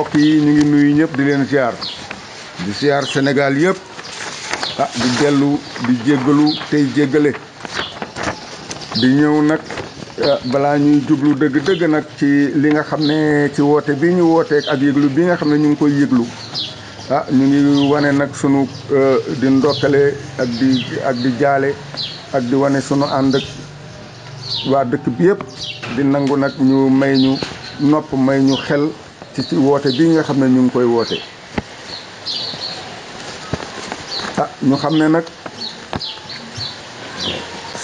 mbokk yi ñu ngi nuyu ñëpp di leen siyaar di siyaar senegal yëpp ah, di dellu di jéggalu tey jéggale di ñëw nag eh, balaa ñuy jublu dëgg-dëgg nag ci li nga xam ne ci woote bi ñu wooteek ak yëglu bi nga xam ne ñu ngi koy yëglu ah ñu ngi wane nag sunu eh, di ndokkale ak di ak di jaale ak di wane sunu ànd ak waa dëkk bi yëpp di nangu nag ñu may ñu nopp may ñu xel ci woote bii nga xam ne ñu ngi koy woote ah ñu xam ne nag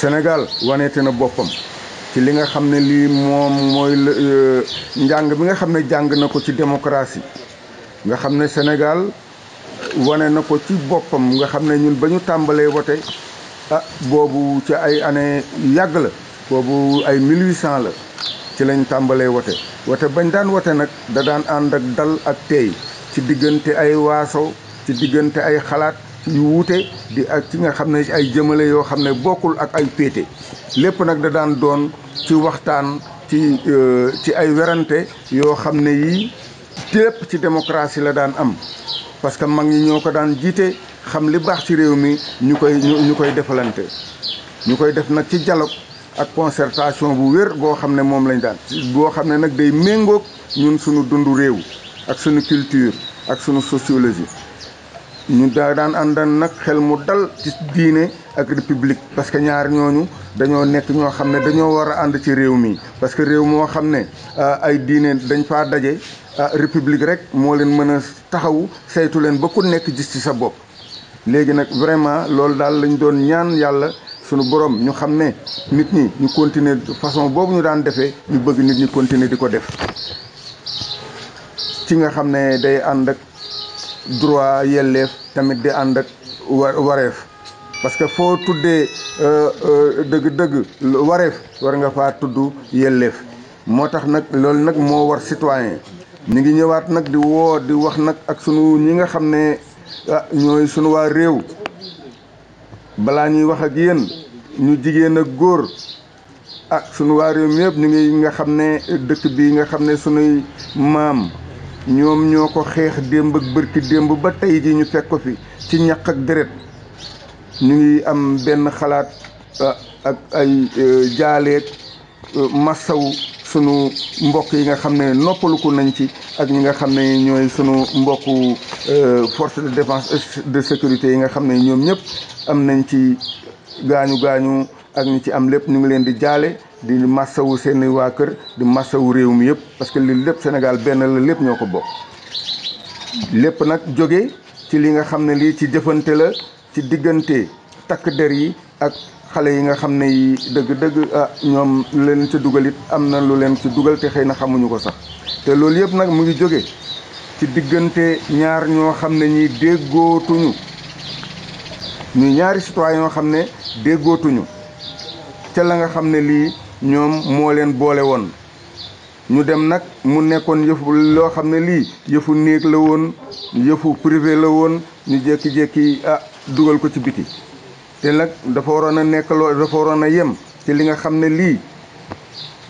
Sénégal waneete na boppam ci li nga xam ne lii moom mooy euh, njàng bi nga xam ne jàng na ko ci démocratie nga xam ne Sénégal wane na ko ci boppam nga xam ne ñun ba ñu tàmbalee wote ah boobu ci ay année yàgg la boobu ay 1800 la ci lañ tàmbalee wote wote bañ daan wote nag da daan ànd ak dal ak teey ci diggante ay waaso ci diggante ay xalaat yu wuute di ak ci nga xam ne ay jëmale yoo xam ne bokkul ak ay péete lépp nag da daan doon ci waxtaan ci euh, ci ay werante yoo xam ne yii lépp ci démocratie la daan am parce que mag ñi ñoo ko daan jiite xam li baax ci réew mi ñu koy ñu koy defalante ñu koy def nag ci dialogue ak concertation bu wér boo xam ne moom lañ daan boo xam ne nag day méngoog ñun suñu dundu réew ak suñu culture ak sunu sociologie ñu daa daan àndan nag xel mu dal ci diine ak république parce que ñaar ñooñu dañoo nekk ñoo xam ne dañoo war a ànd ci réew mi parce que réew moo xam ne ah, ay diine dañ faa daje ah, république rek moo leen mën a taxaw saytu leen ba ku nekk gis ci sa bopp léegi nag vraiment loolu daal lañu doon ñaan yàlla sunu borom ñu xam ne nit ñi ñu continuer façon boobu ñu daan defee ñu bëgg nit ñi continuer di ko def ci nga xam ne day ànd ak droit yelleef tamit di ànd ak wareef parce que foo tuddee dëgg-dëgg euh, euh, wareef war nga faa tudd yelleef moo tax nag loolu nag moo war citoyen ñu ngi ñëwaat nag di woo di wax nag ak sunu ñi nga xam ne ah ñooy sunu waa réew balaa ñuy wax ak yéen ñu jigéen ak góor ah sunu waa réew mi ñu ngi nga xam ne dëkk bi nga xam ne sunuy maam ñoom ñoo ko xeex démb ak bërki démb ba tey ji ñu fekk ko fi ci ñaq ak deret ñu ngi am benn xalaat ah, ak ay eh, jaaleeg eh, massawu sunu mbokk yi nga xam ne noppaluku nañ ci ak ñi nga xam ne ñooy sunu mbokku euh, force de défense de sécurité yi nga xam ne ñoom ñëpp am nañ ci gaañu gaañu ak ñi ci am lépp ñu ngi leen di jaale di massawu seen waa kër di massawu réew mi yëpp parce que li lépp Sénégal benn la lépp ñoo ko bokk lépp nag jóge ci li nga xam ne li ci jëfante la ci diggante takk der yi ak xale yi nga xam ne yi dëgg-dëgg ah ñoom lu leen ci dugal it am na lu leen ci dugal te xëy na xamuñu ko sax te loolu yëpp nag mu ngi jóge ci diggante ñaar ñoo xam ne ñi déggootuñu ñuy ñaari citoyen yoo xam ne déggootuñu ca la nga xam ne lii ñoom moo leen boole woon ñu dem nag mu nekkoon yëfu loo xam ne lii yëfu néeg la woon yëfu privé la woon ñu jékki-jékki ah dugal ko ci biti te nag dafa waroon a nekk loo dafa waroon a yem ci li nga xam ne lii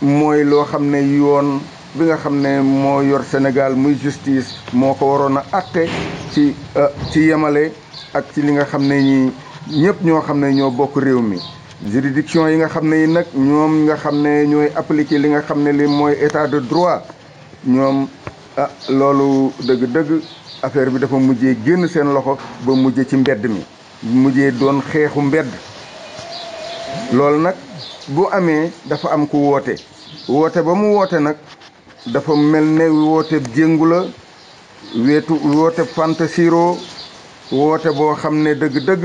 mooy loo xam ne yoon bi nga xam ne moo yor Sénégal muy justice moo ko waroon a àtte ci euh, ci yemale ak ci li nga xam ne ñi ñëpp ñoo xam ne ñoo bokk réew mi juridiction yi nga xam ne yi nag ñoom nga xam ne ñooy appliquer li nga xam ne li mooy état de droit ñoom ah, loolu dëgg-dëgg affaire bi dafa mujjee génn seen loxo ba mujje ci mbedd mi mujje doon xeexu mbedd loolu nag bu amee dafa am ku woote woote ba mu woote nag dafa mel ne woote jéngu la weetu woote fantasiro woote boo xam ne dëgg-dëgg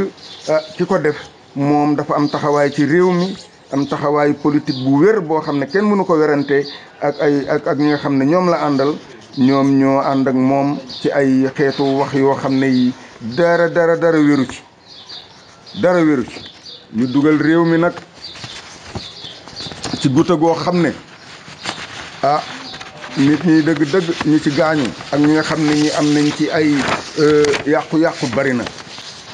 ah, ki ko def moom dafa am taxawaay ci réew mi am taxawaayu politique bu wér boo xam ne kenn mënu ko werante ak ay ak ak ñi xam ne ñoom la àndal ñoom ñoo ànd ak moom ci ay xeetu wax yoo xam ne yi dara dara dara wéru ci dara wéru ci ñu dugal réew mi nag ci guta goo xam ne ah nit ñi dëgg-dëgg ñu ci gaañu ak ñi nga xam ne ñi am nañ ci ay euh, yàqu-yàqu bari na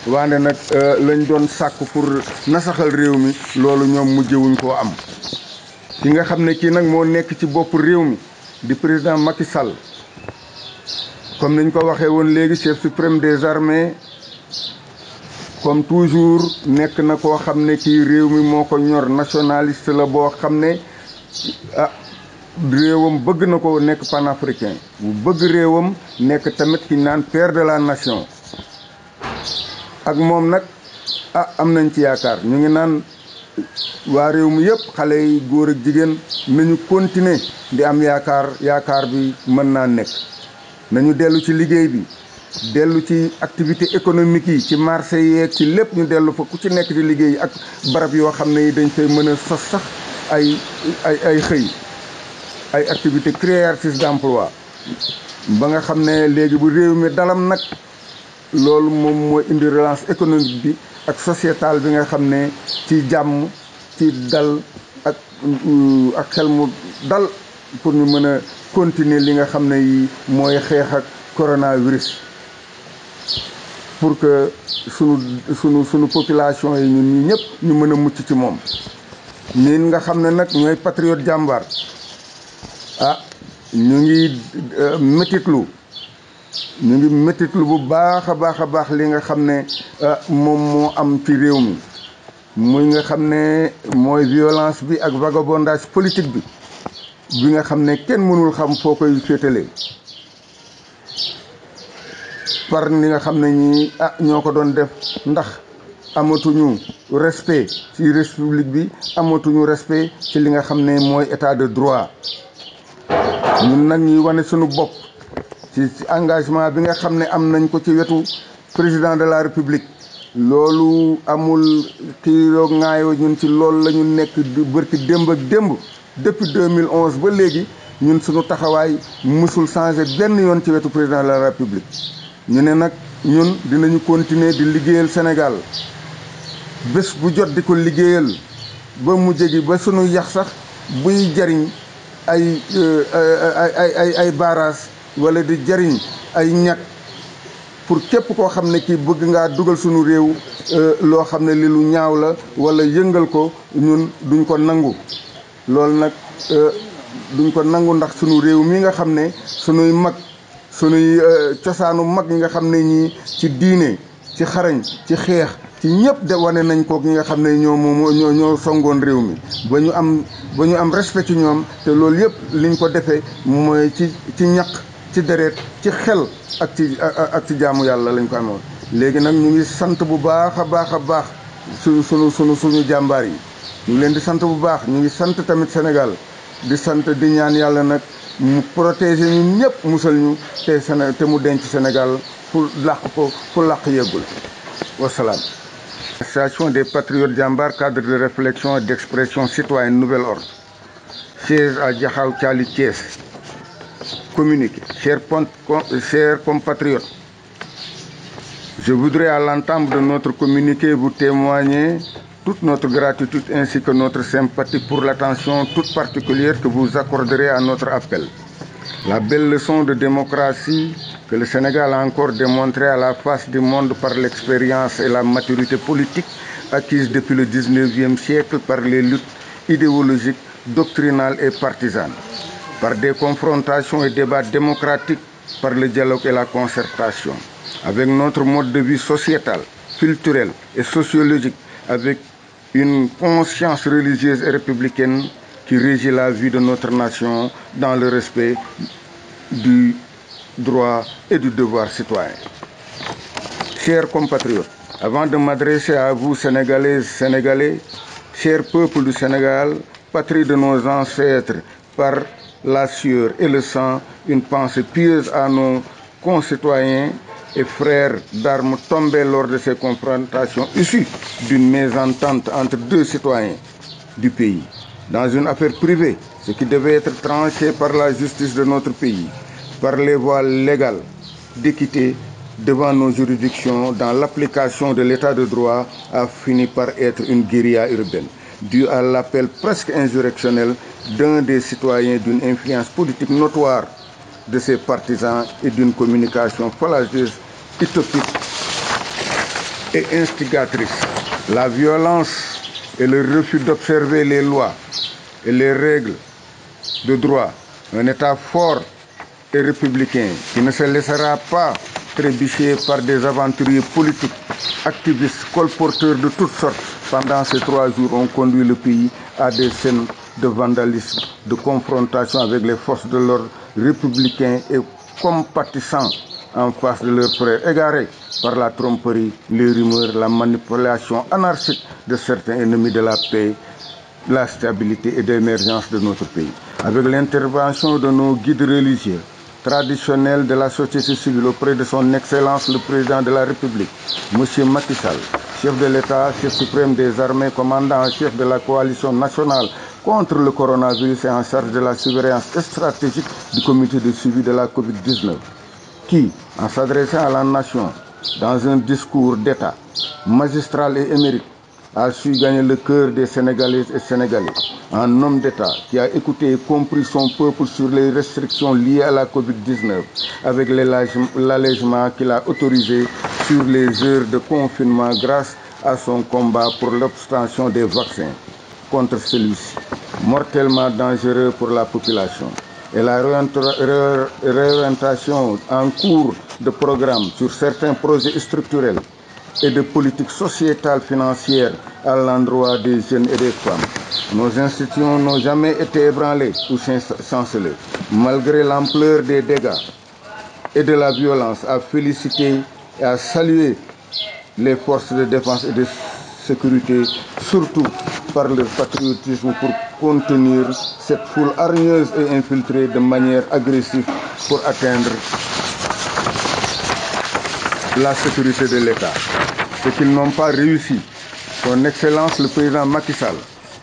waande nag euh, lañ doon sàkk pour nasaxal réew mi loolu ñoom mujjewuñ ko am ki nga xam ne kii nag moo nekk ci bopp réew mi di président Macky Sall comme niñ ko waxee woon léegi chef suprême des armées comme toujours nekk na koo xam ne kii réew mi moo ko ñor nationaliste la boo xam ne ah réewam bëgg na ko nekk panafricain bu bëgg réewam nekk tamit ki naan père de la nation ak moom nag a ah, am nañ ci yaakaar ñu ngi naan waa réew mi yëpp xale yi góor ak jigéen nañu continuer di am yaakaar yaakaar bi mën naa nekk nañu dellu ci liggéey bi dellu ci activité économique yi ci marché yeeg ci lépp ñu dellu fa ku ci nekk di liggéey ak barab yoo xam ne yi dañ fay mën a sas sax ay ay ay xëy ay activité créatrice d'emploi ba nga xam ne léegi bu réew mi dalam nag loolu moom mooy indi relance économique bi ak sociétale bi nga xam ne ci jàmm ci dal ak euh, ak xel mu dal pour ñu mën a continuer li nga xam ne yi mooy xeex ak coronavirus pour que sunu sunu sunu population yi ñun ñi ñëpp ñu mën a mucc ci moom ñun nga xam ne nag ñooy patriote jàmbaar ah ñu ngi euh, métitlu ñu ngi métitlu bu baax a baax a baax li nga xam ne euh, moom moo am ci réew mi muy nga xam ne mooy violence bi ak vagabondage politique bi bi nga xam ne kenn mënul xam foo koy féetalee par li nga xam ne ñi ah ñoo ko doon def ndax amatuñu respect ci république bi amatuñu respect ci li nga xam ne mooy état de droit ñun nag ñuy wane suñu bopp ci engagement bi nga xam ne am nañ ko ci wetu président de la république loolu amul kiiroo ŋaayoo ñun ci loolu lañu ñu nekk bërki démb ak démb mille 2011 ba léegi ñun suñu taxawaay musul changé benn yoon ci wetu président de la république ñu ne nag ñun dinañu continuer di liggéeyal Sénégal bés bu jot di ko liggéeyal ba mujj gi ba suñu yax sax buy jariñ euh, ay ay ay ay barrage wala di jariñ ay ñag pour képp koo xam ne kii bëgg ngaa dugal suñu réew euh, loo xam ne li lu ñaaw la wala yëngal ko ñun duñ ko nangu loolu nag euh, duñ ko nangu ndax suñu réew mi nga xam ne sunuy mag sunuy euh, cosaanu mag ñi nga xam ne ñii ci diine ci xarañ ci xeex ci ñëpp de wane nañ ko ñi nga xam ne ñoo moom ñoo ñoo songoon réew mi ba ñu am ba am respect ci ñoom te loolu yëpp liñ ko defee mooy ci ci ñaq ci deret ci xel ak ci ak ci jaamu yàlla lañ ko amoon léegi nag ñu ngi sant bu baax a baax a baax suñu suñu suñu suñu jàmbaar yi ñu ngi leen di sant bu baax ñu ngi sant tamit Sénégal di sant di ñaan yàlla nag Nous protéger ñu ñëpp musal ñu te sénégal Sénégal pour l'accueil pour pour association des patriotes d'Ambar, cadre de réflexion et d'expression citoyenne nouvel ordre Chers à chers compatriotes je voudrais à l'entente de notre communiqué vous témoigner toute notre gratitude ainsi que notre sympathie pour l'attention toute particulière que vous accorderez à notre appel. La belle leçon de démocratie que le Sénégal a encore démontré à la face du monde par l'expérience et la maturité politique acquise depuis le 19e siècle par les luttes idéologiques, doctrinales et partisanes, par des confrontations et débats démocratiques, par le dialogue et la concertation, avec notre mode de vie sociétal, culturel et sociologique, avec une conscience religieuse et républicaine qui régit la vie de notre nation dans le respect du droit et du devoir citoyen. Chers compatriotes, avant de m'adresser à vous, Sénégalaises, Sénégalais, chers peuples du Sénégal, patrie de nos ancêtres, par la sueur et le sang, une pensée pieuse à nos concitoyens et frères d'armes tombés lors de ces confrontations issues d'une mésentente entre deux citoyens du pays dans une affaire privée, ce qui devait être tranché par la justice de notre pays, par les voies légales d'équité devant nos juridictions dans l'application de l'état de droit a fini par être une guérilla urbaine, due à l'appel presque insurrectionnel d'un des citoyens d'une influence politique notoire de ses partisans et d'une communication fallacieuse, utopique et instigatrice. La violence et le refus d'observer les lois et les règles de droit, un État fort et républicain qui ne se laissera pas trébucher par des aventuriers politiques, activistes, colporteurs de toutes sortes. Pendant ces trois jours, ont conduit le pays à des scènes de vandalisme, de confrontation avec les forces de l'ordre, républicains et compatissants en face de leurs frères égarés par la tromperie, les rumeurs, la manipulation anarchique de certains ennemis de la paix, la stabilité et d'émergence de notre pays. Avec l'intervention de nos guides religieux, traditionnels de la société civile auprès de son Excellence le Président de la République, M. Matissal, chef de l'État, chef suprême des armées, commandant chef de la coalition nationale contre le coronavirus et en charge de la surveillance stratégique du comité de suivi de la COVID-19, qui, en s'adressant à la nation dans un discours d'État magistral et émérite, a su gagner le cœur des Sénégalaises et Sénégalais. Un homme d'État qui a écouté et compris son peuple sur les restrictions liées à la COVID-19, avec l'allègement qu'il a autorisé sur les heures de confinement grâce à son combat pour l'obtention des vaccins contre celui-ci mortellement dangereux pour la population. Et la réorientation en cours de programme sur certains projets structurels et de politiques sociétales financières à l'endroit des jeunes et des femmes. Nos institutions n'ont jamais été ébranlées ou chancelées, malgré l'ampleur des dégâts et de la violence, à féliciter et à saluer les forces de défense et de sécurité, surtout par le patriotisme pour contenir cette foule hargneuse et infiltrée de manière agressive pour atteindre la sécurité de l'État. Ce qu'ils n'ont pas réussi, son Excellence le président Macky Sall,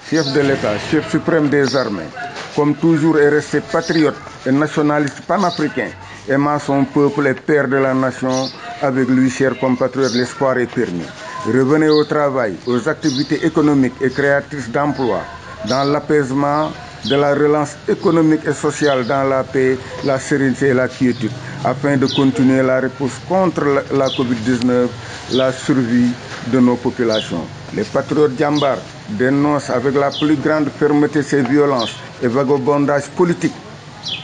chef de l'État, chef suprême des armées, comme toujours est resté patriote et nationaliste panafricain, aimant son peuple et père de la nation, avec lui, cher compatriote, l'espoir est permis. Revenez au travail, aux activités économiques et créatrices d'emplois, dans l'apaisement de la relance économique et sociale dans la paix, la sérénité et la quiétude, afin de continuer la réponse contre la COVID-19, la survie de nos populations. Les patriotes Djambar dénoncent avec la plus grande fermeté ces violences et vagabondages politiques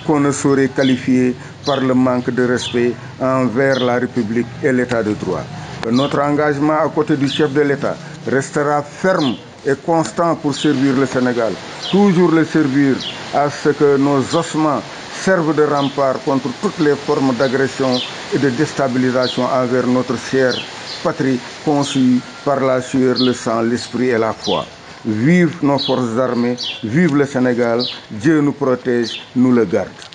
qu'on ne saurait qualifier par le manque de respect envers la République et l'État de droit. Notre engagement à côté du chef de l'État restera ferme et constant pour servir le Sénégal. Toujours le servir à ce que nos ossements servent de rempart contre toutes les formes d'agression et de déstabilisation envers notre chère patrie conçue par la sueur, le sang, l'esprit et la foi. Vive nos forces armées, vive le Sénégal, Dieu nous protège, nous le garde.